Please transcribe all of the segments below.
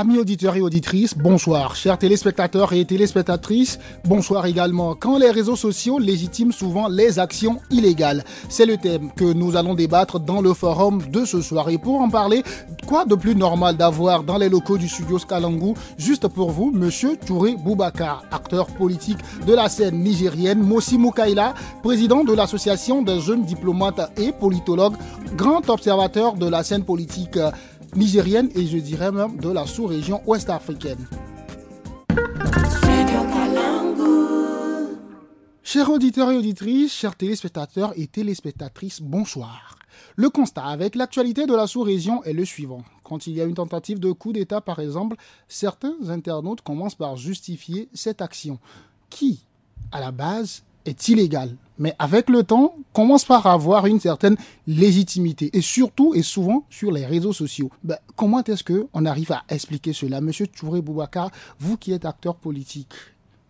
Amis auditeurs et auditrices, bonsoir. Chers téléspectateurs et téléspectatrices, bonsoir également. Quand les réseaux sociaux légitiment souvent les actions illégales, c'est le thème que nous allons débattre dans le forum de ce soir. Et pour en parler, quoi de plus normal d'avoir dans les locaux du studio Skalangu, juste pour vous, Monsieur Touré Boubacar, acteur politique de la scène nigérienne, Mossi Mukaila, président de l'association des jeunes diplomates et politologues, grand observateur de la scène politique nigérienne et je dirais même de la sous-région ouest africaine. Chers auditeurs et auditrices, chers téléspectateurs et téléspectatrices, bonsoir. Le constat avec l'actualité de la sous-région est le suivant. Quand il y a une tentative de coup d'État, par exemple, certains internautes commencent par justifier cette action, qui, à la base, est illégale mais avec le temps, commence par avoir une certaine légitimité et surtout et souvent sur les réseaux sociaux. Ben, comment est-ce que on arrive à expliquer cela, Monsieur Touré Boubaka, vous qui êtes acteur politique,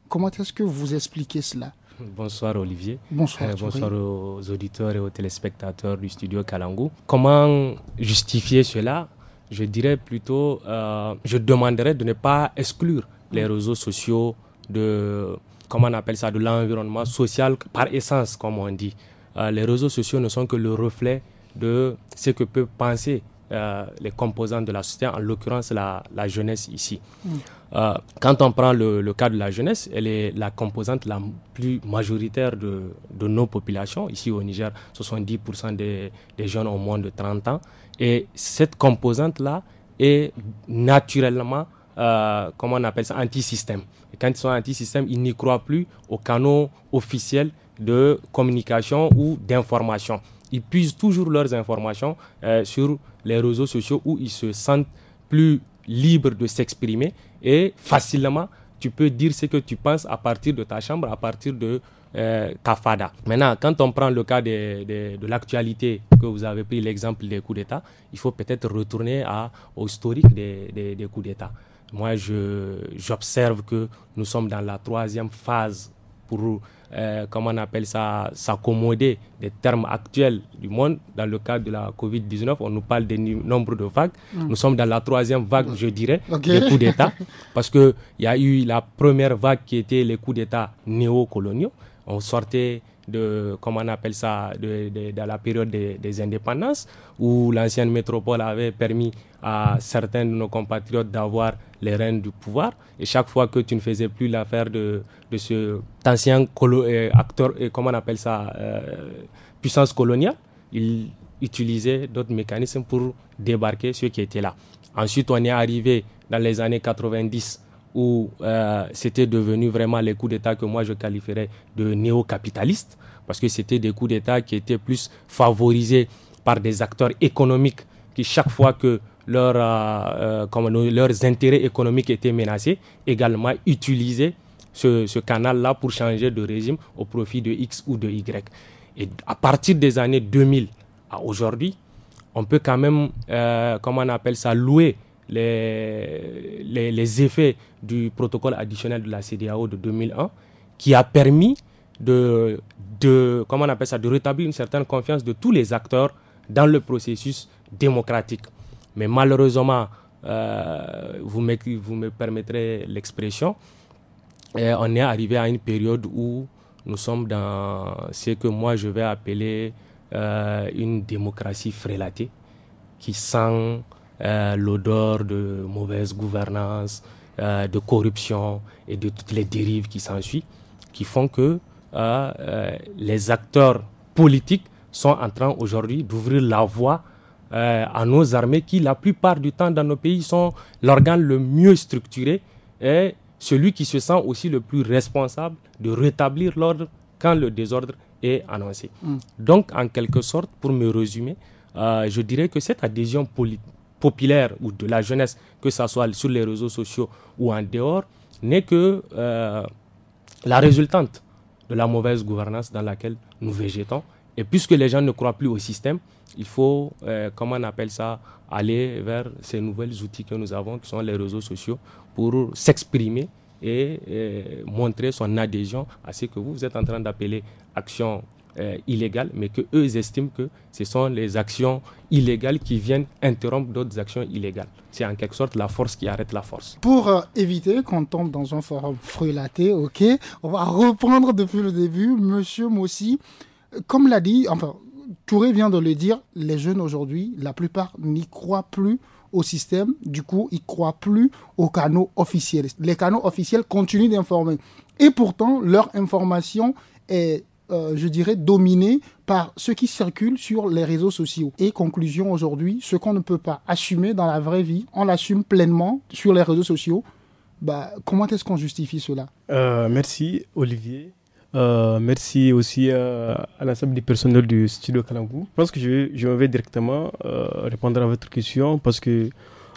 comment est-ce que vous expliquez cela Bonsoir Olivier. Bonsoir. Euh, bonsoir aux auditeurs et aux téléspectateurs du studio Kalangou. Comment justifier cela Je dirais plutôt, euh, je demanderais de ne pas exclure les réseaux sociaux de comment on appelle ça, de l'environnement social par essence, comme on dit. Euh, les réseaux sociaux ne sont que le reflet de ce que peuvent penser euh, les composants de la société, en l'occurrence la, la, jeunesse ici. Mm. Euh, quand on prend le, cas de la jeunesse, elle est la composante la plus majoritaire de, nos populations. Ici au Niger, 70% des, des jeunes ont moins de 30 ans. Et cette composante-là est naturellement euh, comment on appelle ça, anti-système. Et quand ils sont anti-système, ils n'y croient plus aux canaux officiels de communication ou d'information. Ils puisent toujours leurs informations euh, sur les réseaux sociaux où ils se sentent plus libres de s'exprimer et facilement tu peux dire ce que tu penses à partir de ta chambre, à partir de euh, ta fada. Maintenant, quand on prend le cas de, l'actualité, que vous avez pris l'exemple des coups d'État, il faut peut-être retourner à, au historique des, des coups d'État. Moi, j'observe que nous sommes dans la troisième phase pour, euh, comment on appelle ça, s'accommoder des termes actuels du monde. Dans le cadre de la Covid-19, on nous parle des nombre de vagues. Mm. Nous sommes dans la troisième vague, je dirais, des coups d'État. parce qu'il y a eu la première vague qui était les coups d'État néocoloniaux. On sortait de, comment on appelle ça, de, la période des, indépendances, où l'ancienne métropole avait permis à certains de nos compatriotes d'avoir les rênes du pouvoir. Et chaque fois que tu ne faisais plus l'affaire de, de ce ancien euh, acteur, et euh, comment on appelle ça, euh, puissance coloniale, il utilisait d'autres mécanismes pour débarquer ceux qui étaient là. Ensuite, on est arrivé dans les années 90 où euh, c'était devenu vraiment les coups d'État que moi je qualifierais de néo-capitalistes, parce que c'était des coups d'État qui étaient plus favorisés par des acteurs économiques qui, chaque fois que euh, euh, leurs intérêts économiques étaient menacés, également utilisaient ce, canal-là pour changer de régime au profit de X ou de Y. Et à partir des années 2000 à aujourd'hui, on peut quand même, comment on appelle ça, louer les, les, effets du protocole additionnel de la CDAO de 2001 qui a permis de, de, comment on appelle ça, de rétablir une certaine confiance de tous les acteurs dans le processus démocratique. Mais malheureusement, euh, vous, me, vous me permettrez l'expression, euh, on est arrivé à une période où nous sommes dans ce que moi je vais appeler euh, une démocratie frélatée qui sent euh, l'odeur de mauvaise gouvernance, euh, de corruption et de toutes les dérives qui s'ensuit, qui font que euh, les acteurs politiques sont en train aujourd'hui d'ouvrir la voie à nos armées qui, la plupart du temps dans nos pays, sont l'organe le mieux structuré et celui qui se sent aussi le plus responsable de rétablir l'ordre quand le désordre est annoncé. Mm. Donc, en quelque sorte, pour me résumer, je dirais que cette adhésion politique populaire ou de la jeunesse, que ce soit sur les réseaux sociaux ou en dehors, n'est que euh, la résultante de la mauvaise gouvernance dans laquelle nous végétons. Et puisque les gens ne croient plus au système, il faut, euh, comment on appelle ça, aller vers ces nouveaux outils que nous avons, qui sont les réseaux sociaux, pour s'exprimer et, montrer son adhésion à ce que vous, vous êtes en train d'appeler action euh, mais que eux estiment que ce sont les actions illégales qui viennent interrompre d'autres actions illégales. C'est en quelque sorte la force qui arrête la force. Pour euh, éviter qu'on tombe dans un forum frelaté, ok, on va reprendre depuis le début, Monsieur Mossi. Comme l'a dit, enfin, Touré vient de le dire, les jeunes aujourd'hui, la plupart n'y croient plus au système. Du coup, ils croient plus aux canaux officiels. Les canaux officiels continuent d'informer. Et pourtant, leur information est euh, je dirais, dominé par ce qui circule sur les réseaux sociaux. Et conclusion aujourd'hui, ce qu'on ne peut pas assumer dans la vraie vie, on l'assume pleinement sur les réseaux sociaux. Bah, comment est-ce qu'on justifie cela euh, Merci Olivier. Euh, merci aussi à, à l'ensemble du personnel du studio Kalangou. Je pense que je vais directement répondre à votre question parce que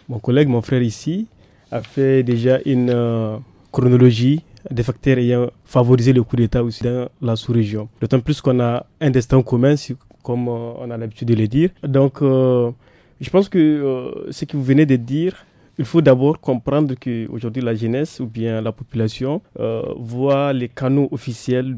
mon collègue, mon frère ici, a fait déjà une chronologie des facteurs ayant favorisé le coup d'État aussi dans la sous-région. D'autant plus qu'on a un destin commun, comme euh, on a l'habitude de le dire. Donc, euh, je pense que euh, ce que vous venez de dire, il faut d'abord comprendre qu'aujourd'hui, la jeunesse ou bien la population voit les canaux officiels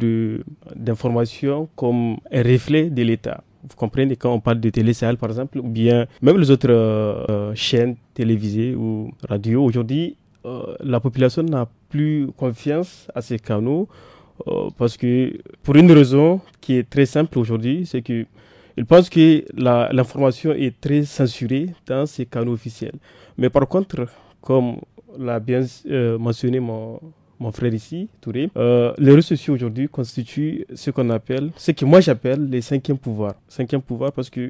d'information comme un reflet de l'État. Vous comprenez quand on parle de télé Sahel, par exemple, ou bien même les autres chaînes télévisées ou radio, aujourd'hui, euh, la population n'a plus confiance à ces canaux euh, parce que pour une raison qui est très simple aujourd'hui, c'est que ils pensent que l'information est très censurée dans ces canaux officiels. Mais par contre, comme l'a bien euh, mentionné mon, frère ici, Touré, les réseaux sociaux aujourd'hui constituent ce qu'on appelle, ce que moi j'appelle les cinquièmes pouvoirs. Cinquième pouvoir parce que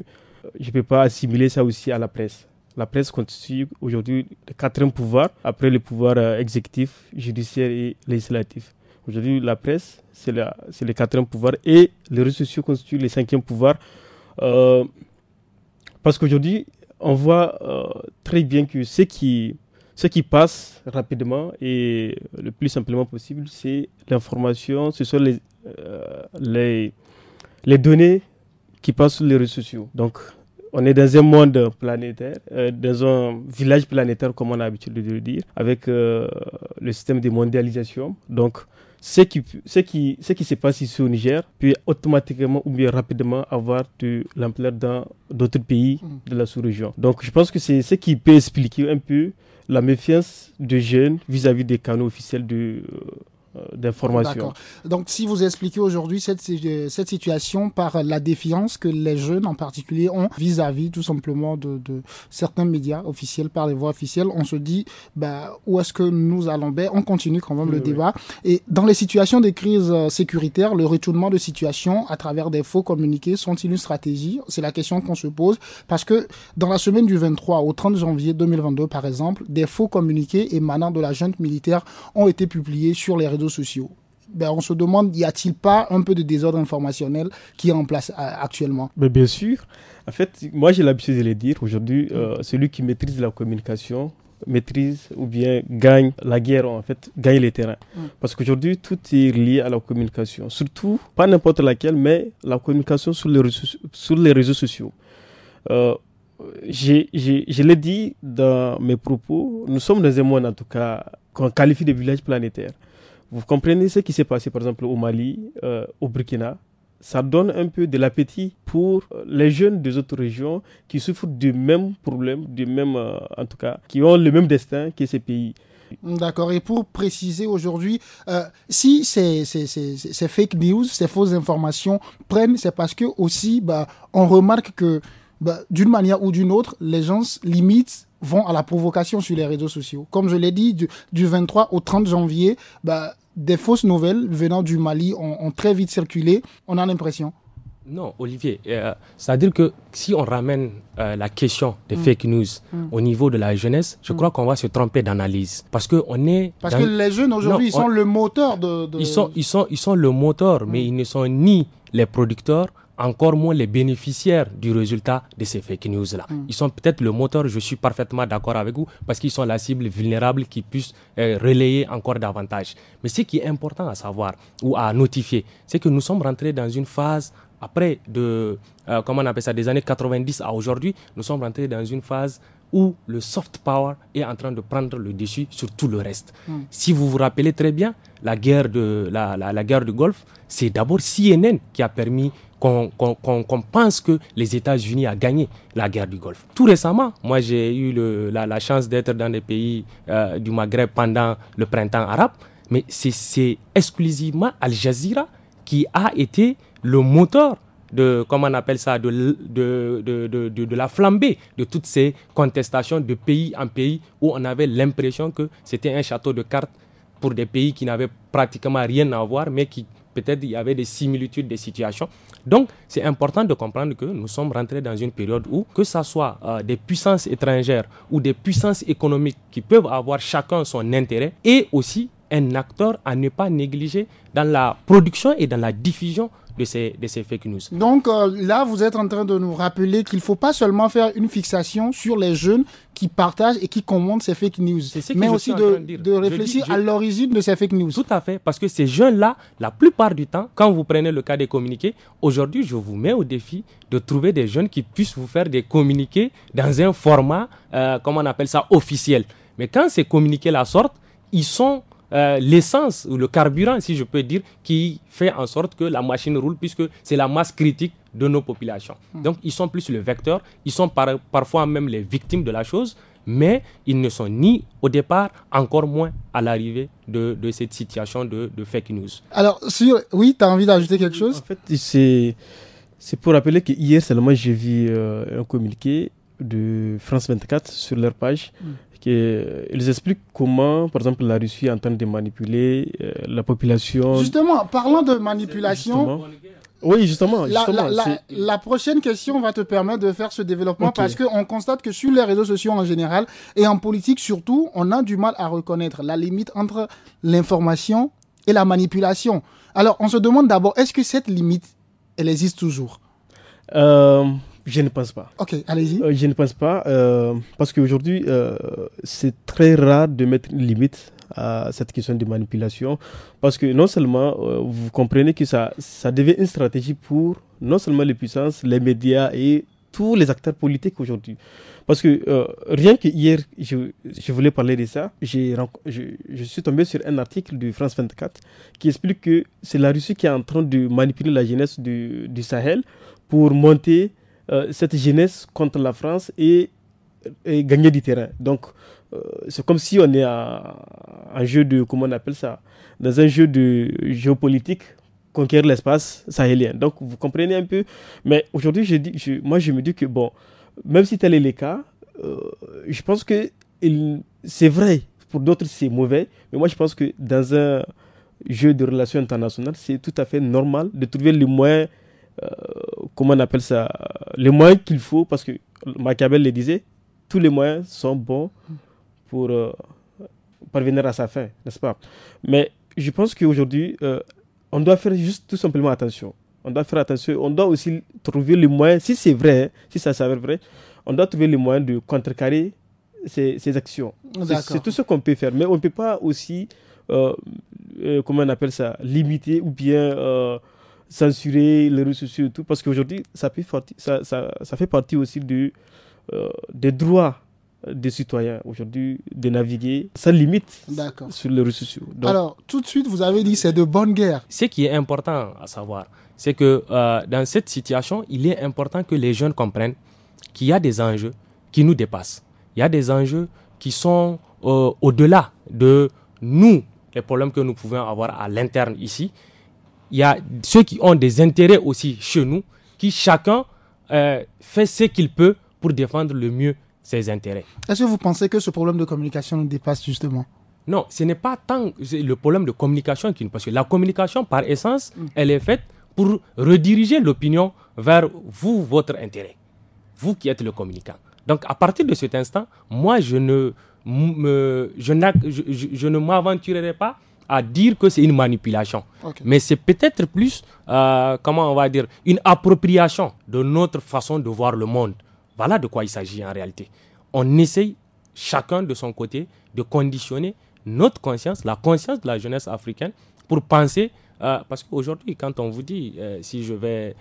je ne peux pas assimiler ça aussi à la presse. La presse constitue aujourd'hui le quatrième pouvoir, après le pouvoir euh, exécutif, judiciaire et législatif. Aujourd'hui, la presse, c'est le quatrième pouvoir et les réseaux sociaux constituent le cinquième pouvoir. Euh, parce qu'aujourd'hui, on voit euh, très bien que ce qui, ce qui passe rapidement et le plus simplement possible, c'est l'information, ce sont les, les, les données qui passent sur les réseaux sociaux. Donc, on est dans un monde planétaire, euh, dans un village planétaire, comme on a l'habitude de le dire, avec euh, le système de mondialisation. Donc, ce qui, ce qui, ce qui se passe ici au Niger peut automatiquement ou bien rapidement avoir de l'ampleur dans d'autres pays mm. de la sous-région. Donc, je pense que c'est ce qui peut expliquer un peu la méfiance des jeunes vis-à-vis des canaux officiels de. Euh, euh, des Donc, si vous expliquez aujourd'hui euh, cette, situation par la défiance que les jeunes en particulier ont vis-à-vis tout simplement de, certains médias officiels par les voies officielles, on se dit bah, où est-ce que nous allons ben, On continue quand même le débat. Et dans les situations des crises euh, sécuritaires, le retournement de situation à travers des faux communiqués sont-ils une stratégie C'est la question qu'on se pose parce que dans la semaine du 23 au 30 janvier 2022, par exemple, des faux communiqués émanant de la junte militaire ont été publiés sur les réseaux sociaux, ben, on se demande, y a-t-il pas un peu de désordre informationnel qui est en place euh, actuellement Mais Bien sûr. En fait, moi j'ai l'habitude de le dire, aujourd'hui, euh, celui qui maîtrise la communication maîtrise ou bien gagne la guerre, en fait, gagne les terrains. Parce qu'aujourd'hui, tout est lié à la communication. Surtout, pas n'importe laquelle, mais la communication sur les réseaux, sur les réseaux sociaux. Euh, je, je l'ai dit dans mes propos, nous sommes dans un monde, en tout cas, qu'on qualifie de village planétaire. Vous comprenez ce qui s'est passé par exemple au Mali, euh, au Burkina. Ça donne un peu de l'appétit pour euh, les jeunes des autres régions qui souffrent du même problème, du même, euh, en tout cas, qui ont le même destin que ces pays. D'accord. Et pour préciser aujourd'hui, si ces, fake news, ces fausses informations prennent, c'est parce que aussi, bah, on remarque que bah, d'une manière ou d'une autre, les gens limitent vont à la provocation sur les réseaux sociaux. Comme je l'ai dit, du, du, 23 au 30 janvier, bah, des fausses nouvelles venant du Mali ont, très vite circulé, on a l'impression. Non, Olivier, euh, c'est-à-dire que si on ramène euh, la question des mm. fake news mm. au niveau de la jeunesse, je mm. crois qu'on va se tromper d'analyse. Parce que on est. Parce que les jeunes aujourd'hui, ils sont le moteur de, de. Ils, sont, ils, sont, ils sont le moteur, mais ils ne sont ni les producteurs, encore moins les bénéficiaires du résultat de ces fake news-là. Mm. Ils sont peut-être le moteur, je suis parfaitement d'accord avec vous, parce qu'ils sont la cible vulnérable qui puisse euh, relayer encore davantage. Mais ce qui est important à savoir ou à notifier, c'est que nous sommes rentrés dans une phase après de, euh, comment on appelle ça, des années 90 à aujourd'hui, nous sommes rentrés dans une phase où le soft power est en train de prendre le dessus sur tout le reste. Mm. Si vous vous rappelez très bien, la guerre de la guerre du Golfe, c'est d'abord CNN qui a permis qu'on pense que les États-Unis a gagné la guerre du Golfe. Tout récemment, moi j'ai eu la, chance d'être dans des pays euh, du Maghreb pendant le printemps arabe, mais c'est exclusivement Al Jazeera qui a été le moteur de, comment on appelle ça, de, de, de, la flambée de toutes ces contestations de pays en pays où on avait l'impression que c'était un château de cartes pour des pays qui n'avaient pratiquement rien à voir, mais qui peut-être il y avait des similitudes des situations. Donc, c'est important de comprendre que nous sommes rentrés dans une période où, que ce soit euh, des puissances étrangères ou des puissances économiques qui peuvent avoir chacun son intérêt et aussi un acteur à ne pas négliger dans la production et dans la diffusion de ces, de ces fake news. Donc euh, là, vous êtes en train de nous rappeler qu'il ne faut pas seulement faire une fixation sur les jeunes qui partagent et qui commandent ces fake news, mais aussi de, de, réfléchir à l'origine de ces fake news. Tout à fait, parce que ces jeunes-là, la plupart du temps, quand vous prenez le cas des communiqués, aujourd'hui, je vous mets au défi de trouver des jeunes qui puissent vous faire des communiqués dans un format, euh, comment on appelle ça, officiel. Mais quand ces communiqués la sortent, ils sont euh, l'essence ou le carburant, si je peux dire, qui fait en sorte que la machine roule, puisque c'est la masse critique de nos populations. Hmm. Donc, ils sont plus le vecteur, ils sont parfois même les victimes de la chose, mais ils ne sont ni au départ, encore moins à l'arrivée de, de, cette situation de, de, fake news. Alors, sur, oui, tu as envie d'ajouter quelque chose En fait, c'est, c'est pour rappeler que hier seulement, j'ai vu euh, un communiqué de France 24 sur leur page. Hmm ils expliquent comment, par exemple, la Russie est en train de manipuler euh, la population. Justement, parlant de manipulation. Oui, justement. la, prochaine question va te permettre de faire ce développement parce parce qu'on constate que sur les réseaux sociaux en général et en politique surtout, on a du mal à reconnaître la limite entre l'information et la manipulation. Alors, on se demande d'abord, est-ce que cette limite, elle existe toujours euh, je ne pense pas. Ok, allez-y. Euh, je ne pense pas, euh, parce qu'aujourd'hui, euh, c'est très rare de mettre une limite à cette question de manipulation, parce que non seulement vous comprenez que ça, ça devient une stratégie pour non seulement les puissances, les médias et tous les acteurs politiques aujourd'hui. Parce que rien que hier, je, voulais parler de ça, je, je, suis tombé sur un article de France 24 qui explique que c'est la Russie qui est en train de manipuler la jeunesse du, du Sahel pour monter euh, cette jeunesse contre la France et, gagner du terrain. Donc, euh, c'est comme si on est à un jeu de, comment on appelle ça, dans un jeu de géopolitique, conquérir l'espace sahélien. Donc, vous comprenez un peu. Mais aujourd'hui, je moi, je me dis que, bon, même si tel est le cas, euh, je pense que c'est vrai. Pour d'autres, c'est mauvais. Mais moi, je pense que dans un jeu de relations internationales, c'est tout à fait normal de trouver le moyen euh, comment on appelle ça, les moyens qu'il faut, parce que Machiavel le disait, tous les moyens sont bons pour euh, parvenir à sa fin, n'est-ce pas Mais je pense qu'aujourd'hui, euh, on doit faire juste tout simplement attention. On doit faire attention. On doit aussi trouver les moyens, si c'est vrai, hein, si ça s'avère vrai, on doit trouver les moyens de contrecarrer ces, actions. C'est tout ce qu'on peut faire. Mais on ne peut pas aussi, comment on appelle ça, limiter ou bien censurer les réseaux sociaux et tout, parce qu'aujourd'hui, ça, ça, fait partie aussi du, euh, des droits des citoyens aujourd'hui de naviguer sans limite sur les réseaux sociaux. Alors, tout de suite, vous avez dit c'est de bonne guerre. Ce qui est important à savoir, c'est que euh, dans cette situation, il est important que les jeunes comprennent qu'il y a des enjeux qui nous dépassent. Il y a des enjeux qui sont euh, au-delà de nous, les problèmes que nous pouvons avoir à l'interne ici il y a ceux qui ont des intérêts aussi chez nous, qui chacun euh, fait ce qu'il peut pour défendre le mieux ses intérêts. Est-ce que vous pensez que ce problème de communication nous dépasse justement Non, ce n'est pas tant le problème de communication qui nous passe. La communication, par essence, mm. elle est faite pour rediriger l'opinion vers vous, votre intérêt. Vous qui êtes le communicant. Donc, à partir de cet instant, moi, je ne, je, je, je ne m'aventurerai pas à dire que c'est une manipulation. Mais c'est peut-être plus, euh, comment on va dire, une appropriation de notre façon de voir le monde. Voilà de quoi il s'agit en réalité. On essaye, chacun de son côté, de conditionner notre conscience, la conscience de la jeunesse africaine, pour penser euh, parce qu'aujourd'hui, quand on vous dit, euh, si je vais,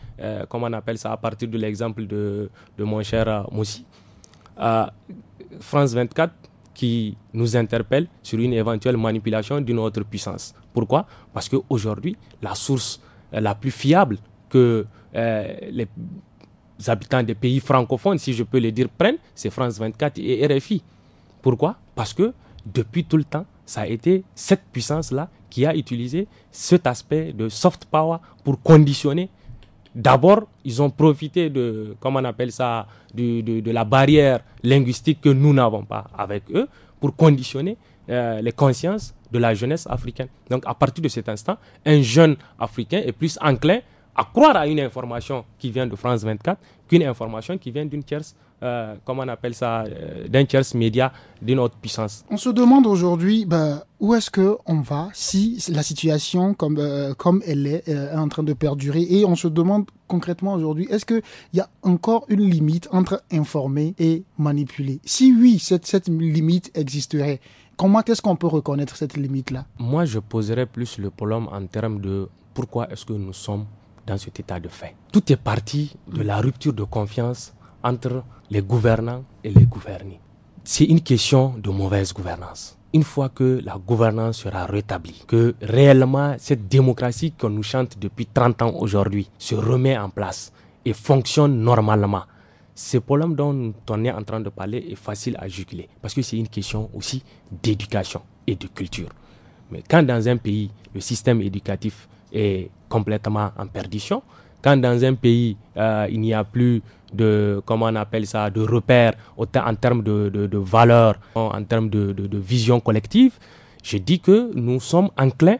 comment on appelle ça, à partir de l'exemple de, de, mon cher Moussi, France 24 qui nous interpelle sur une éventuelle manipulation d'une autre puissance. Pourquoi Parce qu'aujourd'hui, la source la plus fiable que euh, les habitants des pays francophones, si je peux le dire, prennent, c'est France 24 et RFI. Pourquoi Parce que depuis tout le temps, ça a été cette puissance-là qui a utilisé cet aspect de soft power pour conditionner D'abord, ils ont profité de, comment on appelle ça, la barrière linguistique que nous n'avons pas avec eux pour conditionner euh, les consciences de la jeunesse africaine. Donc, à partir de cet instant, un jeune africain est plus enclin à croire à une information qui vient de France 24 qu'une information qui vient d'une tierce comme euh, comment on appelle ça, euh, d'un tiers média d'une autre puissance. On se demande aujourd'hui bah, où est-ce que on va si la situation comme, euh, comme elle est est en train de perdurer et on se demande concrètement aujourd'hui est-ce qu'il y a encore une limite entre informer et manipuler Si oui, cette, cette limite existerait. Comment est-ce qu'on peut reconnaître cette limite-là Moi, je poserais plus le problème en termes de pourquoi est-ce que nous sommes dans cet état de fait. Tout est parti de la rupture de confiance entre les gouvernants et les gouvernés. C'est une question de mauvaise gouvernance. Une fois que la gouvernance sera rétablie, que réellement cette démocratie qu'on nous chante depuis 30 ans aujourd'hui se remet en place et fonctionne normalement, ce problème dont on est en train de parler est facile à juguler parce que c'est une question aussi d'éducation et de culture. Mais quand dans un pays, le système éducatif est complètement en perdition, quand dans un pays, euh, il n'y a plus de, comment on appelle ça, de repères en termes de, de, valeurs, en termes de, vision collective, je dis que nous sommes enclins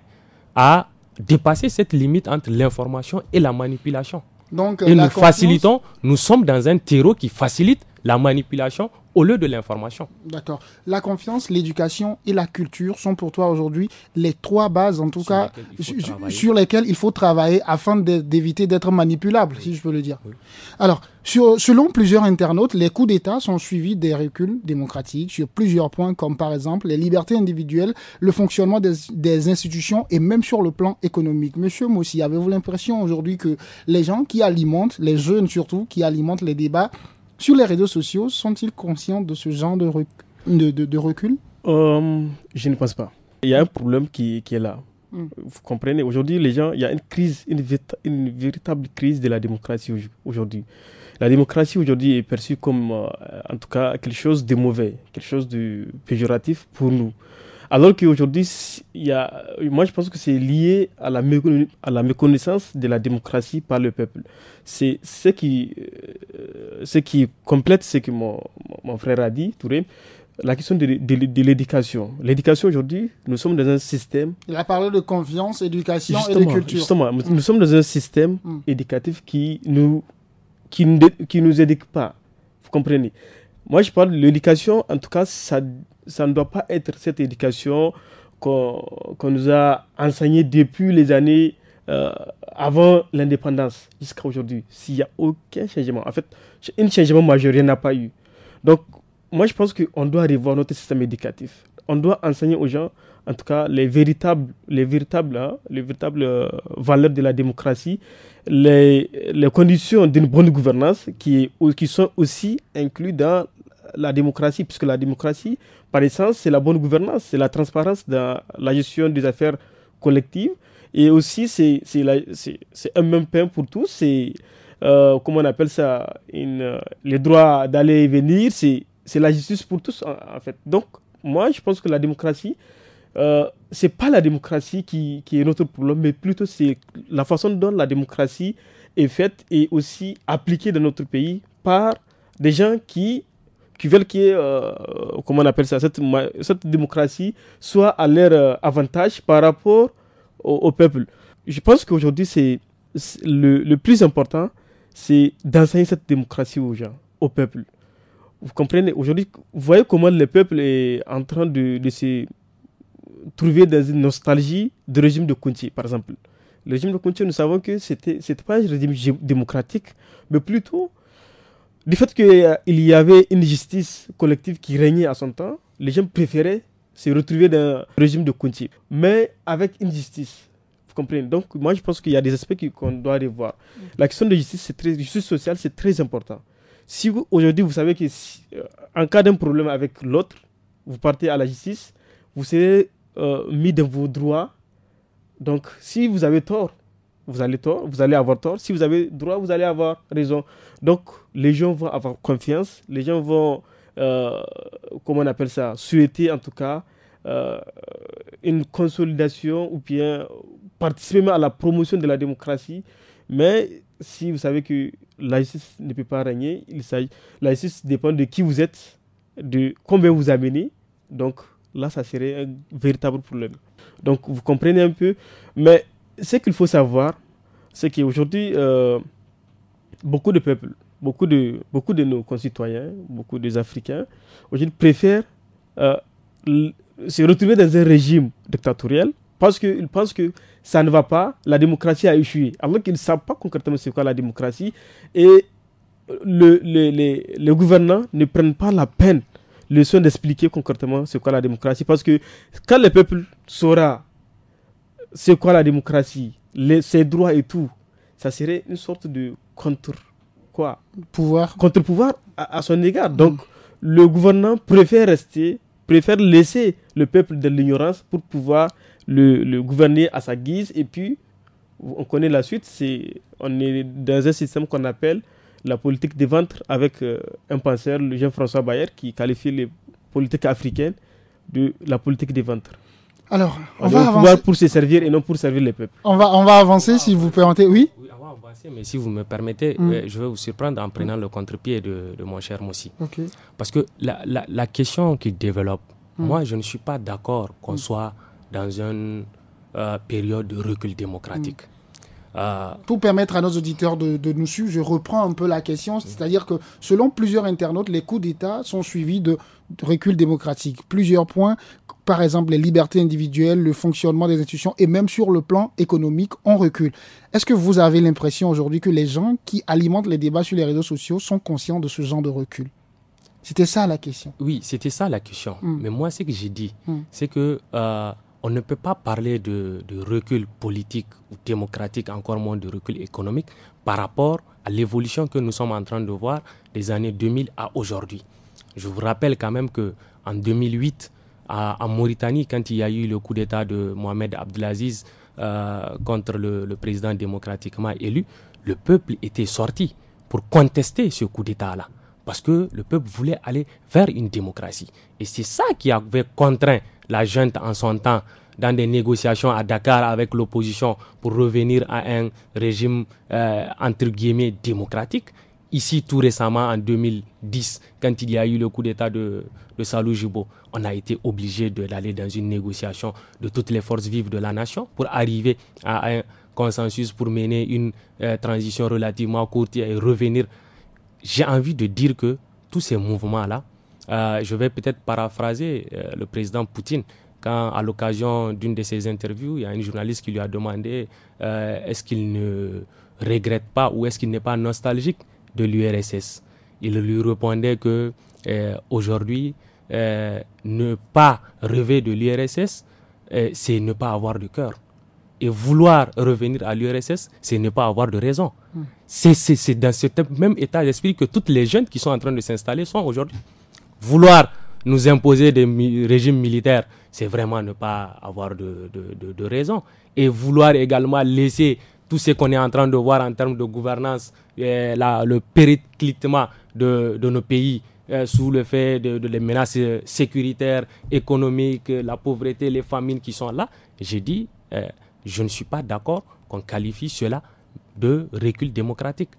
à dépasser cette limite entre l'information et la manipulation. Donc, nous facilitons, nous sommes dans un terreau qui facilite la manipulation au lieu de l'information. D'accord. La confiance, l'éducation et la culture sont pour toi aujourd'hui les trois bases, en tout cas, sur lesquelles il faut travailler afin d'éviter d'être manipulable, si je peux le dire. Alors, selon plusieurs internautes, les coups d'État sont suivis des reculs démocratiques sur plusieurs points, comme par exemple les libertés individuelles, le fonctionnement des, des institutions et même sur le plan économique. Monsieur Moussi, avez-vous l'impression aujourd'hui que les gens qui alimentent, les jeunes surtout, qui alimentent les débats, sur les réseaux sociaux, sont-ils conscients de ce genre de, de, recul euh, Je ne pense pas. Il y a un problème qui, est là. Hmm. Vous comprenez, aujourd'hui, les gens, il y a une crise, une, véritable crise de la démocratie aujourd'hui. La démocratie aujourd'hui est perçue comme, euh, en tout cas, quelque chose de mauvais, quelque chose de péjoratif pour nous. Alors qu'aujourd'hui, moi je pense que c'est lié à la, à la, méconnaissance de la démocratie par le peuple. C'est ce qui, euh, ce qui complète ce que mon, frère a dit, Touré, la question de, l'éducation. L'éducation aujourd'hui, nous sommes dans un système... Il a parlé de confiance, éducation et de culture. Justement, nous sommes dans un système hmm. éducatif qui nous, qui, qui nous éduque pas. Vous comprenez moi, je parle de l'éducation, en tout cas, ça ça ne doit pas être cette éducation qu'on nous a enseignée depuis les années euh, avant l'indépendance jusqu'à aujourd'hui. S'il n'y a aucun changement, en fait, un changement majeur, il n'y en a pas eu. Donc, moi, je pense qu'on doit revoir notre système éducatif. On doit enseigner aux gens, en tout cas, les véritables, les véritables, hein, les véritables euh, valeurs de la démocratie, les, les conditions d'une bonne gouvernance qui, qui sont aussi inclus dans la démocratie, puisque la démocratie, par essence, c'est la bonne gouvernance, c'est la transparence dans la gestion des affaires collectives. Et aussi, c'est un même pain pour tous, c'est, euh, comment on appelle ça, une, euh, les droits d'aller et venir, c'est la justice pour tous, en, fait. Donc, moi, je pense que la démocratie, euh, c'est pas la démocratie qui, qui, est notre problème, mais plutôt c'est la façon dont la démocratie est faite et aussi appliquée dans notre pays par des gens qui qui veulent que comment on appelle ça, cette, cette démocratie soit à leur euh, avantage par rapport au, peuple. Je pense qu'aujourd'hui, c'est le, plus important, c'est d'enseigner cette démocratie aux gens, au peuple. Vous comprenez Aujourd'hui, vous voyez comment le peuple est en train de, se trouver dans une nostalgie du régime de Kunti, par exemple. Le régime de Kunti, nous savons que ce n'était pas un régime démocratique, mais plutôt du fait qu'il euh, y avait une justice collective qui régnait à son temps, les gens préféraient se retrouver dans un régime de Kunti, mais avec une justice. Vous comprenez Donc, moi, je pense qu'il y a des aspects qu'on doit revoir. La question de justice, très, justice sociale, c'est très important. Si aujourd'hui, vous savez que euh, en cas d'un problème avec l'autre, vous partez à la justice, vous serez euh, mis dans vos droits. Donc, si vous avez tort, vous allez tort, vous allez avoir tort. Si vous avez droit, vous allez avoir raison. Donc, les gens vont avoir confiance, les gens vont, euh, comment on appelle ça, souhaiter en tout cas euh, une consolidation ou bien participer à la promotion de la démocratie. Mais si vous savez que la ne peut pas régner, il la justice dépend de qui vous êtes, de combien vous amenez. Donc, là, ça serait un véritable problème. Donc, vous comprenez un peu. Mais ce qu'il faut savoir, c'est qu'aujourd'hui, euh, beaucoup de peuples, beaucoup de, beaucoup de nos concitoyens, beaucoup des Africains, aujourd'hui préfèrent euh, se retrouver dans un régime dictatorial parce qu'ils pensent que ça ne va pas, la démocratie a échoué. Alors qu'ils ne savent pas concrètement ce qu'est la démocratie. Et les gouvernants ne prennent pas la peine, le soin d'expliquer concrètement ce qu'est la démocratie. Parce que quand le peuple saura c'est quoi la démocratie, les, droits et tout, ça serait une sorte de contre quoi pouvoir contre pouvoir à, son égard. Mm. Donc le gouvernement préfère rester, préfère laisser le peuple de l'ignorance pour pouvoir le, gouverner à sa guise. Et puis on connaît la suite, on est dans un système qu'on appelle la politique des ventres avec euh, un penseur, le Jean-François Bayer, qui qualifie les politiques africaines de la politique des ventres. Alors, on, va avancer. pour se servir et non pour servir les peuples. On va, on va avancer, si vous permettez. Oui, oui on va avancer, mais si vous me permettez, mm. euh, je vais vous surprendre en prenant le contre-pied de, mon cher Moussi. Parce que la, la, la question qui développe, mm. moi, je ne suis pas d'accord qu'on mm. soit dans une euh, période de recul démocratique. Euh, pour permettre à nos auditeurs de, de, nous suivre, je reprends un peu la question, c'est-à-dire que selon plusieurs internautes, les coups d'État sont suivis de, de recul démocratique. Plusieurs points par exemple les libertés individuelles, le fonctionnement des institutions et même sur le plan économique, on recule. Est-ce que vous avez l'impression aujourd'hui que les gens qui alimentent les débats sur les réseaux sociaux sont conscients de ce genre de recul C'était ça la question. Oui, c'était ça la question. Hmm. Mais moi, ce que j'ai dit, hmm. c'est que euh, on ne peut pas parler de, recul politique ou démocratique, encore moins de recul économique, par rapport à l'évolution que nous sommes en train de voir des années 2000 à aujourd'hui. Je vous rappelle quand même que en 2008, en Mauritanie quand il y a eu le coup d'État de Mohamed Abdelaziz euh, contre le, président démocratiquement élu, le peuple était sorti pour contester ce coup d'État-là. Parce que le peuple voulait aller vers une démocratie. Et c'est ça qui avait contraint la junte en son temps dans des négociations à Dakar avec l'opposition pour revenir à un régime euh, entre guillemets démocratique. Ici, tout récemment, en 2010, quand il y a eu le coup d'État de, de Salou Jibo, on a été obligé d'aller dans une négociation de toutes les forces vives de la nation pour arriver à un consensus pour mener une euh, transition relativement courte et revenir. J'ai envie de dire que tous ces mouvements-là, euh, je vais peut-être paraphraser euh, le président Poutine quand, à l'occasion d'une de ses interviews, il y a une journaliste qui lui a demandé est-ce qu'il ne regrette pas ou est-ce qu'il n'est pas nostalgique de l'URSS. Il lui répondait que aujourd'hui, euh, ne pas rêver de l'URSS, euh, c'est ne pas avoir de cœur. Et vouloir revenir à l'URSS, c'est ne pas avoir de raison. Hmm. C'est dans ce même état d'esprit que toutes les jeunes qui sont en train de s'installer sont aujourd'hui. Vouloir nous imposer des régimes militaires, c'est vraiment ne pas avoir de, de, raison. Et vouloir également laisser tout ce qu'on est en train de voir en termes de gouvernance, euh, le périclitement de, nos pays euh, sous le fait de, les menaces euh, sécuritaires, économiques, euh, la pauvreté, les famines qui sont là, j'ai dit, je ne suis pas d'accord qu'on qualifie cela de recul démocratique.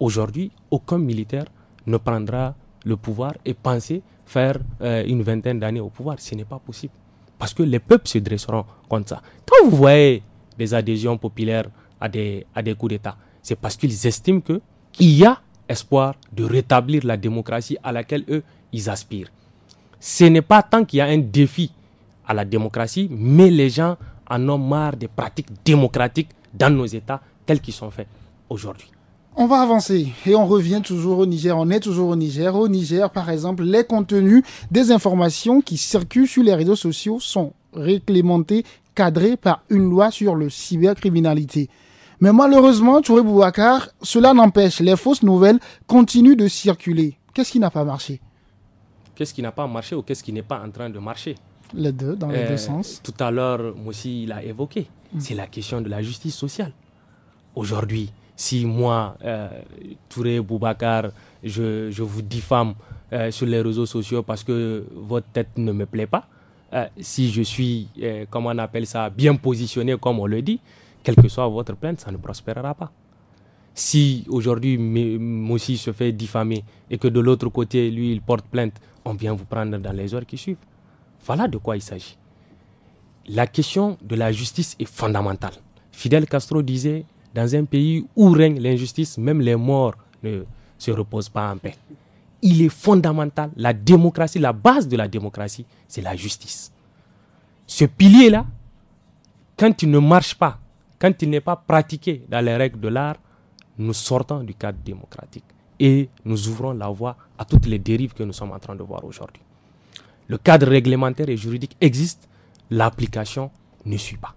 Aujourd'hui, aucun militaire ne prendra le pouvoir et penser faire une vingtaine d'années au pouvoir. Ce n'est pas possible. Parce que les peuples se dresseront contre ça. Quand vous voyez des adhésions populaires à des, à des coups d'État, c'est parce qu'ils estiment qu'il y a espoir de rétablir la démocratie à laquelle eux, ils aspirent. Ce n'est pas tant qu'il y a un défi à la démocratie, mais les gens en ont marre des pratiques démocratiques dans nos États telles qu'ils sont faits aujourd'hui. On va avancer et on revient toujours au Niger. On est toujours au Niger. Au Niger, par exemple, les contenus des informations qui circulent sur les réseaux sociaux sont réglementés, cadrés par une loi sur le cybercriminalité. Mais malheureusement, Touré Boubacar, cela n'empêche, les fausses nouvelles continuent de circuler. Qu'est-ce qui n'a pas marché Qu'est-ce qui n'a pas marché ou qu'est-ce qui n'est pas en train de marcher Les deux, dans les deux euh, sens. Tout à l'heure, Moussi l'a évoqué. Mm. C'est la question de la justice sociale. Aujourd'hui, si moi, euh, Touré Boubacar, je, vous diffame euh, sur les réseaux sociaux parce que votre tête ne me plaît pas, si je suis, comment on appelle ça, bien positionné, comme on le dit, quelle que soit votre plainte, ça ne prospérera pas. Si aujourd'hui Moussi se fait diffamer et que de l'autre côté, lui, il porte plainte, on vient vous prendre dans les heures qui suivent. Voilà de quoi il s'agit. La question de la justice est fondamentale. Fidel Castro disait, dans un pays où règne l'injustice, même les morts ne se reposent pas en paix. Il est fondamental, la démocratie, la base de la démocratie, c'est la justice. Ce pilier-là, quand il ne marche pas, quand il n'est pas pratiqué dans les règles de l'art, nous sortons du cadre démocratique et nous ouvrons la voie à toutes les dérives que nous sommes en train de voir aujourd'hui. Le cadre réglementaire et juridique existe, l'application ne suit pas.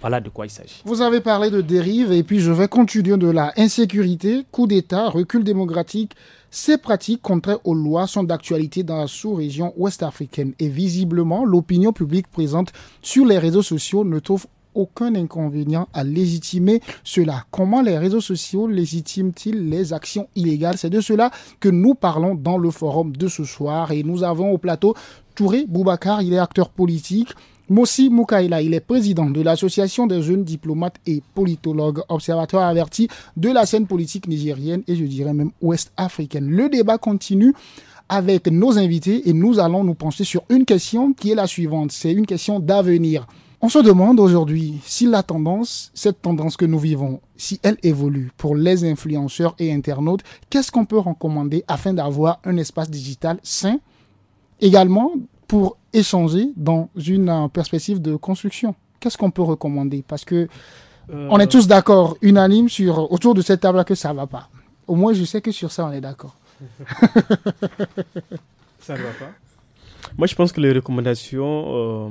Voilà de quoi il s'agit. Vous avez parlé de dérives et puis je vais continuer de la insécurité, coup d'État, recul démocratique. Ces pratiques contraires aux lois sont d'actualité dans la sous-région ouest-africaine et visiblement l'opinion publique présente sur les réseaux sociaux ne trouve aucun inconvénient à légitimer cela. Comment les réseaux sociaux légitiment-ils les actions illégales C'est de cela que nous parlons dans le forum de ce soir et nous avons au plateau Touré Boubacar, il est acteur politique. Mossi Moukaïla, il est président de l'Association des jeunes diplomates et politologues, observateur averti de la scène politique nigérienne et je dirais même ouest-africaine. Le débat continue avec nos invités et nous allons nous pencher sur une question qui est la suivante. C'est une question d'avenir. On se demande aujourd'hui si la tendance, cette tendance que nous vivons, si elle évolue pour les influenceurs et internautes, qu'est-ce qu'on peut recommander afin d'avoir un espace digital sain également pour échanger dans une euh, perspective de construction Qu'est-ce qu'on peut recommander Parce que euh. on est tous d'accord, unanime sur autour de cette table-là que ça va pas. Au moins, je sais que sur ça, on est d'accord. ça ne va pas. Moi, je pense que les recommandations euh,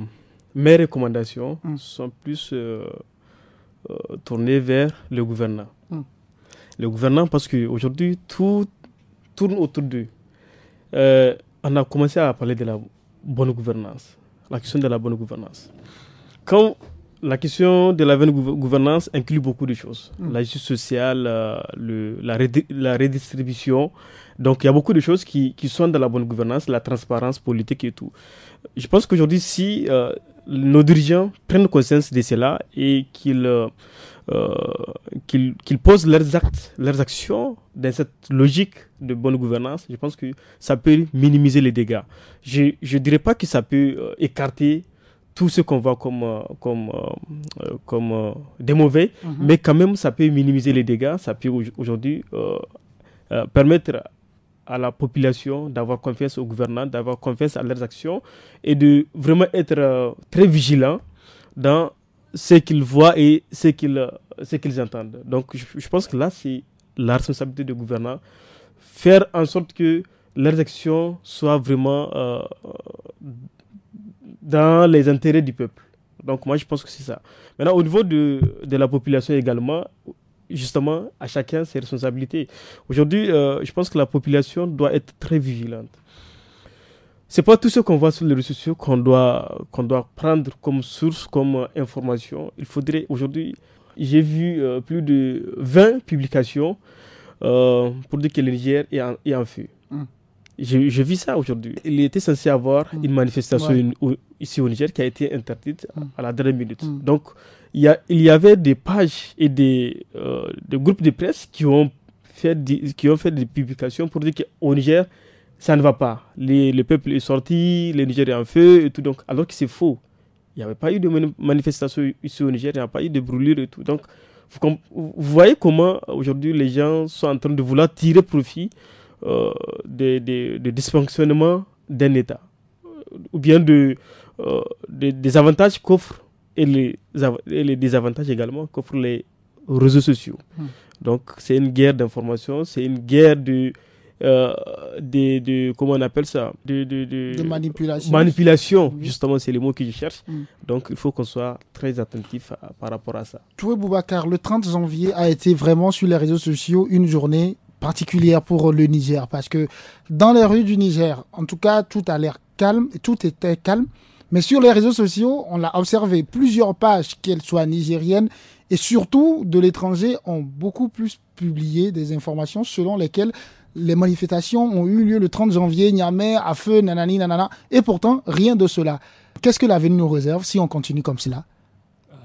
mes recommandations mm. sont plus euh, euh, tournées vers le gouvernement. Mm. Le gouvernement, parce qu'aujourd'hui, tout tourne autour d'eux. Euh, on a commencé à parler de la bonne gouvernance, la question de la bonne gouvernance. Quand la question de la bonne gouvernance inclut beaucoup de choses, mm. la justice sociale, la, redistribution, donc il y a beaucoup de choses qui, qui sont dans la bonne gouvernance, la transparence politique et tout. Je pense qu'aujourd'hui, si nos dirigeants prennent conscience de cela et qu'ils euh, euh posent leurs actes, leurs actions dans cette logique de bonne gouvernance, je pense que ça peut minimiser les dégâts. Je ne dirais pas que ça peut euh, écarter tout ce qu'on voit comme, euh, comme, comme des mauvais, mhm. mais quand même, ça peut minimiser les dégâts, ça peut aujourd'hui permettre à la population, d'avoir confiance au gouvernement, d'avoir confiance à leurs actions et de vraiment être euh, très vigilant dans ce qu'ils voient et ce qu'ils euh, ce qu'ils entendent. Donc je, pense que là, c'est la responsabilité du gouvernants, faire en sorte que leurs actions soient vraiment euh, dans les intérêts du peuple. Donc moi, je pense que c'est ça. Maintenant, au niveau de, de la population également, justement à chacun ses responsabilités. Aujourd'hui, euh, je pense que la population doit être très vigilante. C'est pas tout ce qu'on voit sur les réseaux sociaux qu'on doit, qu'on doit prendre comme source, comme euh, information. Il faudrait aujourd'hui, j'ai vu euh, plus de 20 publications pour dire que le Niger est en, feu. Hmm. Je, vis ça aujourd'hui. Il était censé avoir hmm. une manifestation ici au Niger qui a été interdite hmm. à la dernière minute. Donc, il y, avait des pages et euh, des, groupes de presse qui ont fait des, qui ont fait des publications pour dire qu'au Niger, ça ne va pas. Les, le peuple est sorti, le Niger est en feu et tout. Donc, alors que c'est faux. Il n'y avait pas eu de manifestation ici au Niger, il n'y a pas eu de brûlure et tout. Donc, vous, voyez comment aujourd'hui les gens sont en train de vouloir tirer profit euh, des, des, d'un État ou bien de, euh, des, des avantages qu'offrent et les, les désavantages également qu'offrent les réseaux sociaux. Hmm. Donc c'est une guerre d'information, c'est une guerre de, euh, de, comment on appelle ça de, de, manipulation. Manipulation, justement, c'est le mot que je cherche. Hmm. Donc il faut qu'on soit très attentif par rapport à ça. Toué Boubacar, le 30 janvier a été vraiment sur les réseaux sociaux une journée particulière pour le Niger parce que dans les rues du Niger, en tout cas, tout a l'air calme, tout était calme. Mais sur les réseaux sociaux, on a observé, plusieurs pages, qu'elles soient nigériennes et surtout de l'étranger, ont beaucoup plus publié des informations selon lesquelles les manifestations ont eu lieu le 30 janvier, Niamey, à feu, nanani, nanana. Et pourtant, rien de cela. Qu'est-ce que l'avenir nous réserve si on continue comme cela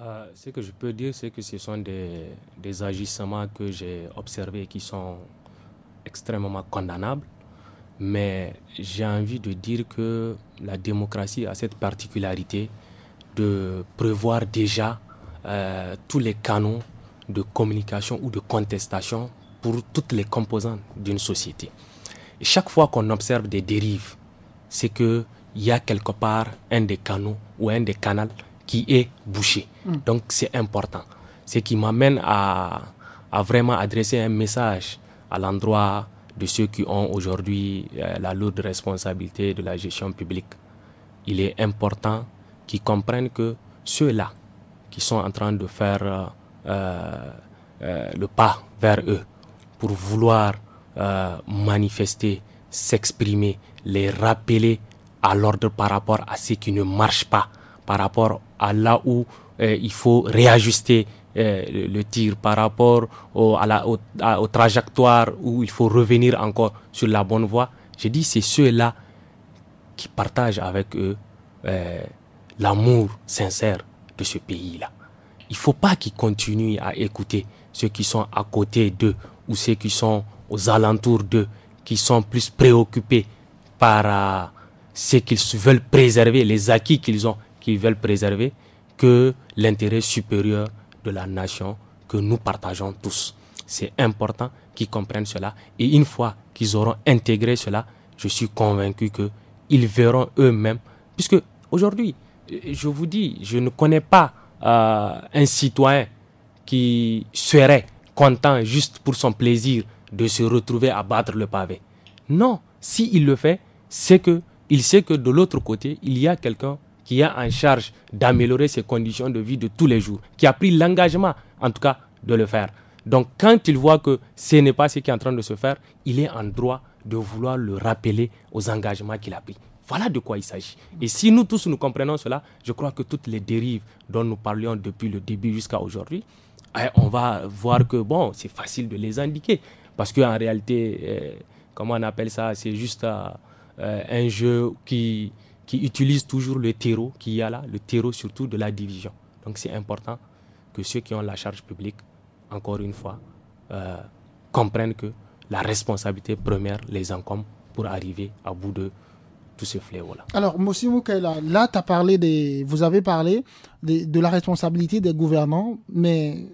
euh, Ce que je peux dire, c'est que ce sont des, des agissements que j'ai observés qui sont extrêmement condamnables. Mais j'ai envie de dire que la démocratie a cette particularité de prévoir déjà euh, tous les canaux de communication ou de contestation pour toutes les composantes d'une société. chaque fois qu'on observe des dérives, c'est qu'il y a quelque part un des canaux ou un des canaux qui est bouché. Hmm. Donc c'est important. Ce qui m'amène à, à, vraiment adresser un message à l'endroit de ceux qui ont aujourd'hui euh, la lourde responsabilité de la gestion publique. Il est important qu'ils comprennent que ceux-là qui sont en train de faire euh, euh, le pas vers eux pour vouloir manifester, s'exprimer, les rappeler à l'ordre par rapport à ce qui ne marche pas, par rapport à là où il faut réajuster euh, le tir, par rapport au, à la, au, aux trajectoires où il faut revenir encore sur la bonne voie. J'ai dit, c'est ceux-là qui partagent avec eux euh, l'amour sincère de ce pays-là. Il ne faut pas qu'ils continuent à écouter ceux qui sont à côté d'eux ou ceux qui sont aux alentours d'eux, qui sont plus préoccupés par euh, ce qu'ils veulent préserver, les acquis qu'ils ont, qu'ils veulent préserver, que l'intérêt supérieur de la nation que nous partageons tous. C'est important qu'ils comprennent cela. Et une fois qu'ils auront intégré cela, je suis convaincu que ils verront eux-mêmes. Puisque aujourd'hui, je vous dis, je ne connais pas euh, un citoyen qui serait content juste pour son plaisir de se retrouver à battre le pavé. Non, s'il le fait, c'est que il sait que de l'autre côté, il y a quelqu'un qui est en charge d'améliorer ses conditions de vie de tous les jours, qui a pris l'engagement, en tout cas, de le faire. Donc, quand il voit que ce n'est pas ce qui est en train de se faire, il est en droit de vouloir le rappeler aux engagements qu'il a pris. Voilà de quoi il s'agit. Et si nous tous nous comprenons cela, je crois que toutes les dérives dont nous parlions depuis le début jusqu'à aujourd'hui, eh, on va voir que bon, c'est facile de les indiquer. Parce qu'en réalité, eh, comment on appelle ça C'est juste euh, euh, un jeu qui, qui utilisent toujours le terreau qu'il y a là, le terreau surtout de la division. Donc c'est important que ceux qui ont la charge publique, encore une fois, euh, comprennent que la responsabilité première les encombre pour arriver à bout de tout ce fléau-là. Alors, Mosimou Moukela, là, as parlé des, vous avez parlé de la responsabilité des gouvernants, mais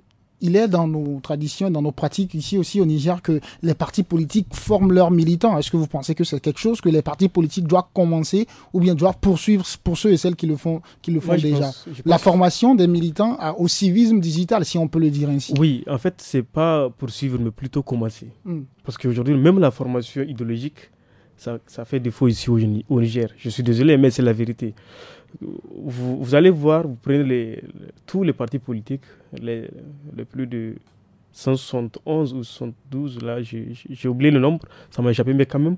il est dans nos traditions, dans nos pratiques ici aussi au Niger que les partis politiques forment leurs militants. Est-ce que vous pensez que c'est quelque chose que les partis politiques doivent commencer ou bien doivent poursuivre pour ceux et celles qui le font, qui le font déjà La formation des militants au civisme digital, si on peut le dire ainsi. Oui, en fait, c'est pas poursuivre, mais plutôt commencer. Hmm. Parce qu'aujourd'hui, même la formation idéologique, ça, fait défaut ici au Niger. Je suis désolé, mais c'est la vérité vous, allez voir, vous prenez les, tous les partis politiques, les, les plus de 171 ou 112, là, j'ai oublié le nombre, ça m'a échappé, mais quand même,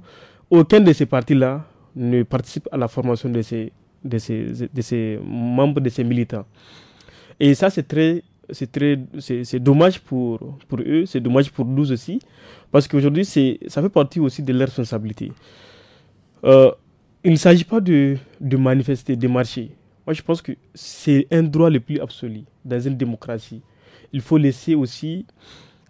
aucun de ces partis-là ne participe à la formation de ces, ces, membres, de ces militants. Et ça, c'est très c'est très c'est dommage pour pour eux c'est dommage pour nous aussi parce qu'aujourd'hui ça fait partie aussi de leur responsabilité euh, il ne s'agit pas de, de manifester, de marcher. Moi, je pense que c'est un droit le plus absolu dans une démocratie. Il faut laisser aussi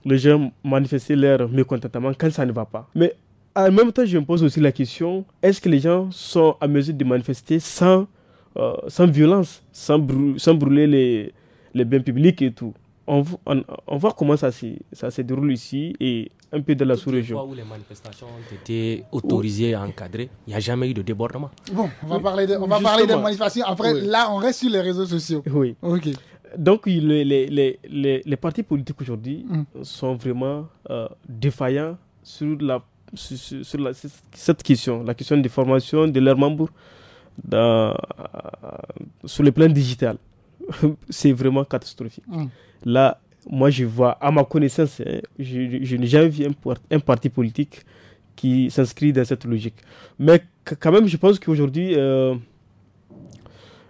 les gens manifester leur mécontentement quand ça ne va pas. Mais en même temps, je me pose aussi la question, est-ce que les gens sont à mesure de manifester sans, euh, sans violence, sans, sans brûler les, les biens publics et tout on, voit comment ça se, ça se déroule ici et un peu de la sous-région. où les manifestations ont été autorisées et encadrées, il n'y a jamais eu de débordement. Bon, on va, parler, on va parler des manifestations. Après, là, on reste sur les réseaux sociaux. Oui. OK. Donc, les, les, les, partis politiques aujourd'hui mm. sont vraiment euh, défaillants sur, la, sur, la, cette question, la question des formations de leurs membres dans, euh, sur le plan digital. C'est vraiment catastrophique. Mm. Là, moi, je vois, à ma connaissance, hein, je, je n'ai jamais vu un, parti politique qui s'inscrit dans cette logique. Mais quand même, je pense qu'aujourd'hui, euh,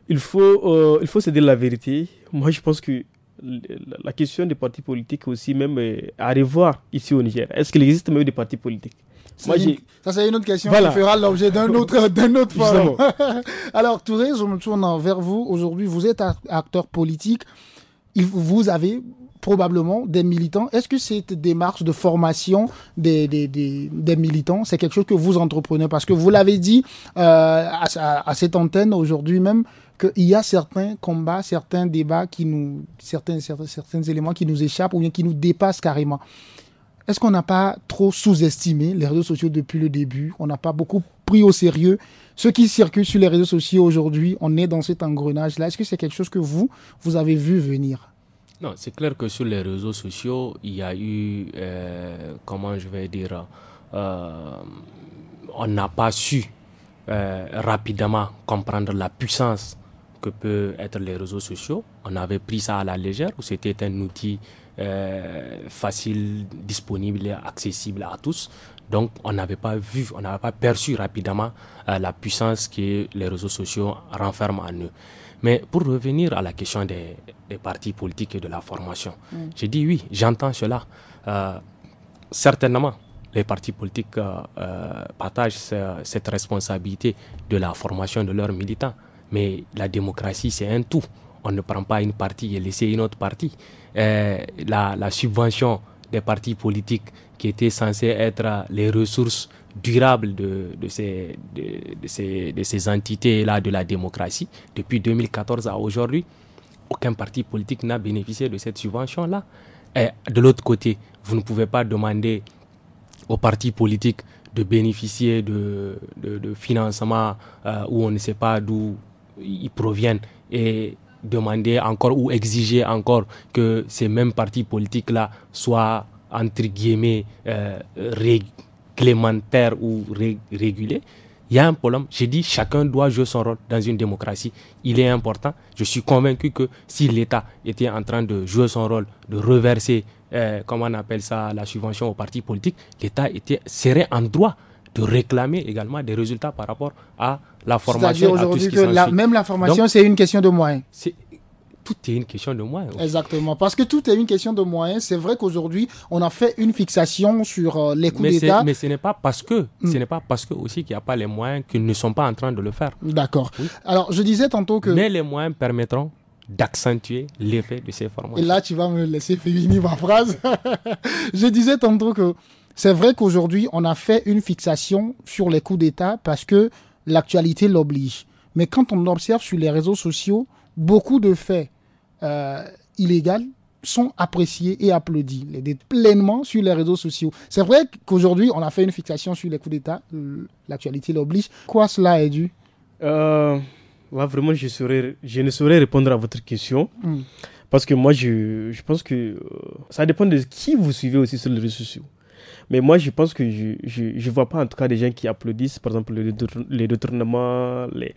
il, faut, euh, il faut dire la vérité. Moi, je pense que la question des partis politiques aussi, même euh, à revoir ici au Niger. Est-ce qu'il existe même des partis politiques Ça, c'est une autre question qui fera l'objet d'un autre, d'un Alors, Touré, je me tourne vers vous. Aujourd'hui, vous êtes acteur politique vous avez probablement des militants. Est-ce que cette démarche de formation des, des, militants, c'est quelque chose que vous entreprenez Parce que vous l'avez dit euh, à, cette antenne aujourd'hui même, qu'il y a certains combats, certains débats, qui nous, certains, certains, certains éléments qui nous échappent ou bien qui nous dépassent carrément. Est-ce qu'on n'a pas trop sous-estimé les réseaux sociaux depuis le début On n'a pas beaucoup pris au sérieux ce qui circule sur les réseaux sociaux aujourd'hui, on est dans cet engrenage-là. Est-ce que c'est quelque chose que vous, vous avez vu venir Non, c'est clair que sur les réseaux sociaux, il y a eu, euh, comment je vais dire, euh, on n'a pas su euh, rapidement comprendre la puissance que peuvent être les réseaux sociaux. On avait pris ça à la légère, où c'était un outil facile, disponible, et accessible à tous. Donc, on n'avait pas vu, on n'avait pas perçu rapidement euh, la puissance que les réseaux sociaux renferment en eux. Mais pour revenir à la question des, partis politiques et de la formation, mm. j'ai dit oui, j'entends cela. Euh, certainement, les partis politiques euh, partagent cette responsabilité de la formation de leurs militants. Mais la démocratie, c'est un tout. On ne prend pas une partie et laisser une autre partie. la subvention des partis politiques qui étaient censés être les ressources durables de, de ces, de, de ces, entités-là de la démocratie. Depuis 2014 à aujourd'hui, aucun parti politique n'a bénéficié de cette subvention-là. Et de l'autre côté, vous ne pouvez pas demander aux partis politiques de bénéficier de, de, de financements euh, où on ne sait pas d'où ils proviennent et demander encore ou exiger encore que ces mêmes partis politiques-là soient, entre guillemets, euh, réglementaires ou régulés. Il y a un problème. J'ai dit, chacun doit jouer son rôle dans une démocratie. Il est important. Je suis convaincu que si l'État était en train de jouer son rôle, de reverser, euh, comment on appelle ça, la subvention aux partis politiques, l'État serait en droit de réclamer également des résultats par rapport à la formation. C'est-à-dire aujourd'hui que même la formation, c'est une question de moyens. Tout est une question de moyens. Exactement, parce que tout est une question de moyens. C'est vrai qu'aujourd'hui, on a fait une fixation sur euh, les coûts d'État. Mais ce n'est pas parce que, hmm. ce n'est pas parce que aussi qu'il n'y a pas les moyens qu'ils ne sont pas en train de le faire. D'accord. Alors, je disais tantôt que. Mais les moyens permettront d'accentuer l'effet de ces formations. Et là, tu vas me laisser finir ma phrase. je disais tantôt que c'est vrai qu'aujourd'hui, on a fait une fixation sur les coups d'État parce que l'actualité l'oblige. Mais quand on observe sur les réseaux sociaux, beaucoup de faits euh, illégaux sont appréciés et applaudis Les pleinement sur les réseaux sociaux. C'est vrai qu'aujourd'hui, on a fait une fixation sur les coups d'État. L'actualité l'oblige. Quoi cela est dû euh, vraiment, je, ne saurais répondre à votre question. Hmm. Parce que moi, je, pense que euh, ça dépend de qui vous suivez aussi sur les réseaux sociaux. Mais moi, je pense que je, ne vois pas en tout cas des gens qui applaudissent, par exemple, les, les détournements. Les...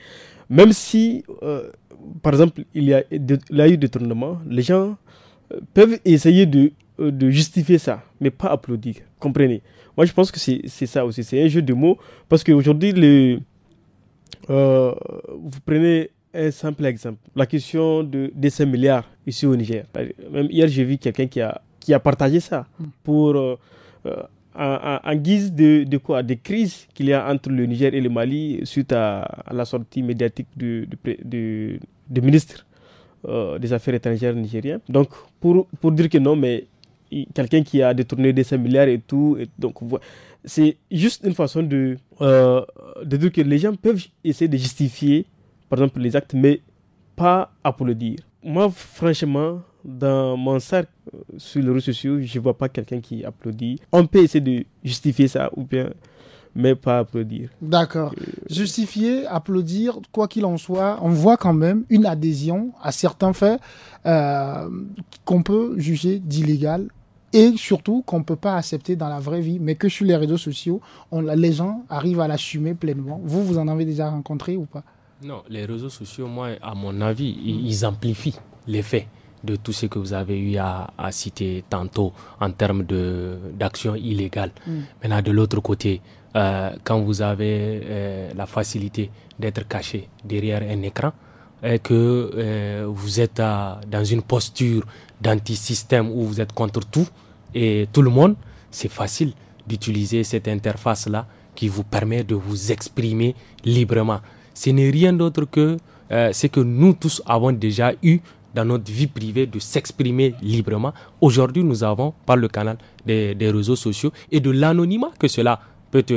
Même si, euh, par exemple, il y a, de, il y les gens euh, peuvent essayer de, euh, de justifier ça, mais pas applaudir. Comprenez Moi, je pense que c'est ça aussi. C'est un jeu de mots. Parce qu'aujourd'hui, le, vous prenez un simple exemple. La question de, des 5 milliards ici au Niger. Même hier, j'ai vu quelqu'un qui a, qui a partagé ça hmm. pour en, guise de, de quoi Des crises qu'il y a entre le Niger et le Mali suite à, la sortie médiatique du, ministre euh, des Affaires étrangères nigérien. Donc, pour, pour dire que non, mais quelqu'un qui a détourné des 5 milliards et tout, et donc c'est juste une façon de, euh, de dire que les gens peuvent essayer de justifier, par exemple, les actes, mais pas à pour le dire. Moi, franchement, dans mon cercle euh, sur les réseaux sociaux, je ne vois pas quelqu'un qui applaudit. On peut essayer de justifier ça ou bien mais pas applaudir. D'accord. Euh, justifier, applaudir, quoi qu'il en soit, on voit quand même une adhésion à certains faits euh, qu'on peut juger d'illégal et surtout qu'on ne peut pas accepter dans la vraie vie, mais que sur les réseaux sociaux, les gens arrivent à l'assumer pleinement. Vous, vous en avez déjà rencontré ou pas Non, les réseaux sociaux, moi, à mon avis, ils amplifient les faits de tout ce que vous avez eu à, citer tantôt en termes d'action illégale. Mm. Maintenant, de l'autre côté, euh, quand vous avez euh, la facilité d'être caché derrière un écran, et que euh, vous êtes dans une posture d'anti-système où vous êtes contre tout et tout le monde, c'est facile d'utiliser cette interface-là qui vous permet de vous exprimer librement. Ce n'est rien d'autre que ce que nous tous avons déjà eu dans notre vie privée de s'exprimer librement. Aujourd'hui, nous avons, par le canal des, réseaux sociaux et de l'anonymat que cela peut te,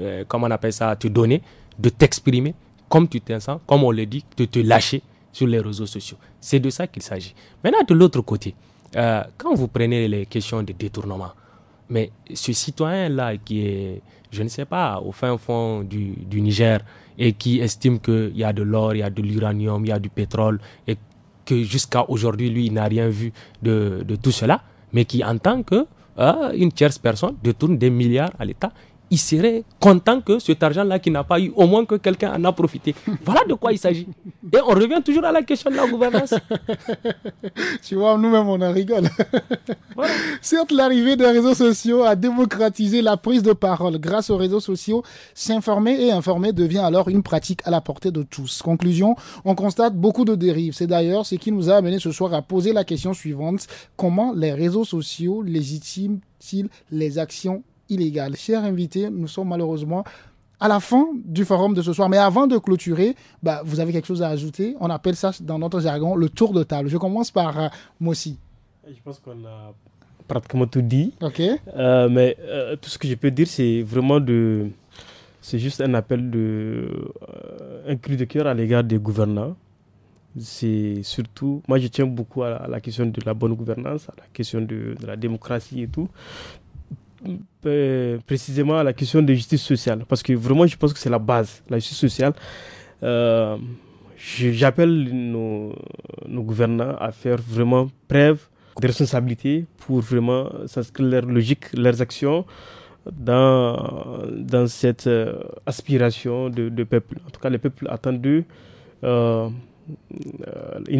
euh, on appelle ça, te donner, de t'exprimer comme tu t'insens sens, comme on le dit, de te lâcher sur les réseaux sociaux. C'est de ça qu'il s'agit. Maintenant, de l'autre côté, euh, quand vous prenez les questions de détournement, mais ce citoyen-là qui est, je ne sais pas, au fin fond du, Niger et qui estime qu'il y a de l'or, il y a de l'uranium, il y a du pétrole et que jusqu'à aujourd'hui, lui, il n'a rien vu de, tout cela, mais qui, entend que euh, une tierce personne, détourne des milliards à l'État il serait content que cet argent-là qu'il n'a pas eu, au moins que quelqu'un en a profité. Voilà de quoi il s'agit. Et on revient toujours à la question de la gouvernance. tu vois, nous-mêmes, on en rigole. Certes, l'arrivée des réseaux sociaux a démocratisé la prise de parole. Grâce aux réseaux sociaux, s'informer et informer devient alors une pratique à la portée de tous. Conclusion, on constate beaucoup de dérives. C'est d'ailleurs ce qui nous a amené ce soir à poser la question suivante. Comment les réseaux sociaux légitiment-ils les actions illégale. Chers invités, nous sommes malheureusement à la fin du forum de ce soir. Mais avant de clôturer, bah, vous avez quelque chose à ajouter. On appelle ça dans notre jargon le tour de table. Je commence par euh, Mossi. Je pense qu'on a pratiquement tout dit. Ok. Euh, mais euh, tout ce que je peux dire, c'est vraiment de. C'est juste un appel de. Euh, un cri de cœur à l'égard des gouvernants. C'est surtout. Moi, je tiens beaucoup à la, question de la bonne gouvernance, à la question de la démocratie et tout. Euh, précisément à la question de justice sociale, parce que vraiment, je pense que c'est la base, la justice sociale. Euh, j'appelle nos, nos, gouvernants à faire vraiment preuve de responsabilité pour vraiment s'inscrire leur logique, leurs actions dans, dans cette euh, aspiration de, peuple. En tout cas, les peuples attendent une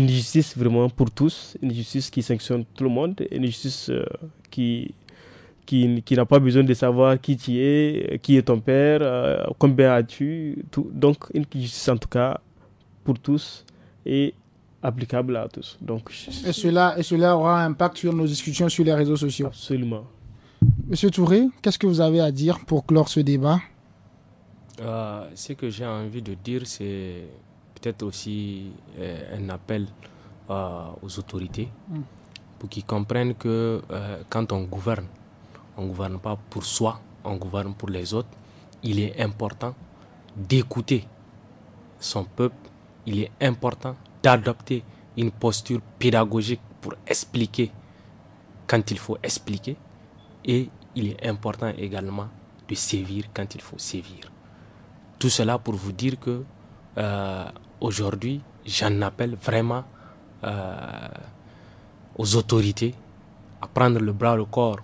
justice vraiment pour tous, une justice qui sanctionne tout le monde, une justice qui qui, n'a pas besoin de savoir qui tu es, euh, qui est ton père, euh, combien as-tu. Donc, une justice en tout cas pour tous et applicable à tous. Donc, et, cela, et cela aura un impact sur nos discussions sur les réseaux sociaux. Absolument. Monsieur Touré, qu'est-ce que vous avez à dire pour clore ce débat euh, Ce que j'ai envie de dire, c'est peut-être aussi un appel aux autorités hmm. pour qu'ils comprennent que quand on gouverne, on ne gouverne pas pour soi, on gouverne pour les autres. Il est important d'écouter son peuple. Il est important d'adopter une posture pédagogique pour expliquer quand il faut expliquer. Et il est important également de sévir quand il faut sévir. Tout cela pour vous dire que euh, aujourd'hui, j'en appelle vraiment euh, aux autorités à prendre le bras le corps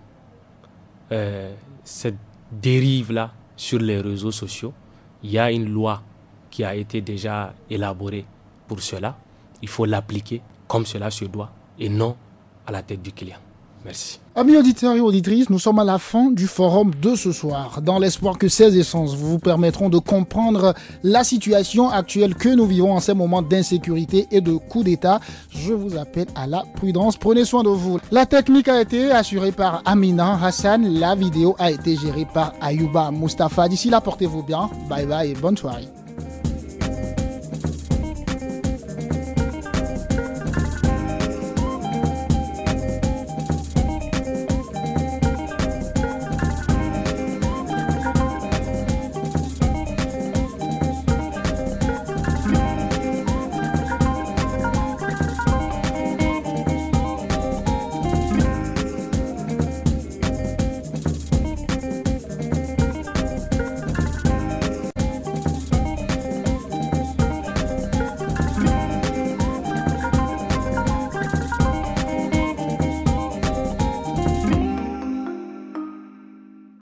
euh, cette dérive-là sur les réseaux sociaux. Il y a une loi qui a été déjà élaborée pour cela. Il faut l'appliquer comme cela se doit et non à la tête du client. Merci. Amis auditeurs et auditrices, nous sommes à la fin du forum de ce soir, dans l'espoir que ces essences vous permettront de comprendre la situation actuelle que nous vivons en ces moments d'insécurité et de coup d'État. Je vous appelle à la prudence, prenez soin de vous. La technique a été assurée par Amina Hassan, la vidéo a été gérée par Ayuba Mustafa. D'ici là, portez-vous bien, bye bye et bonne soirée.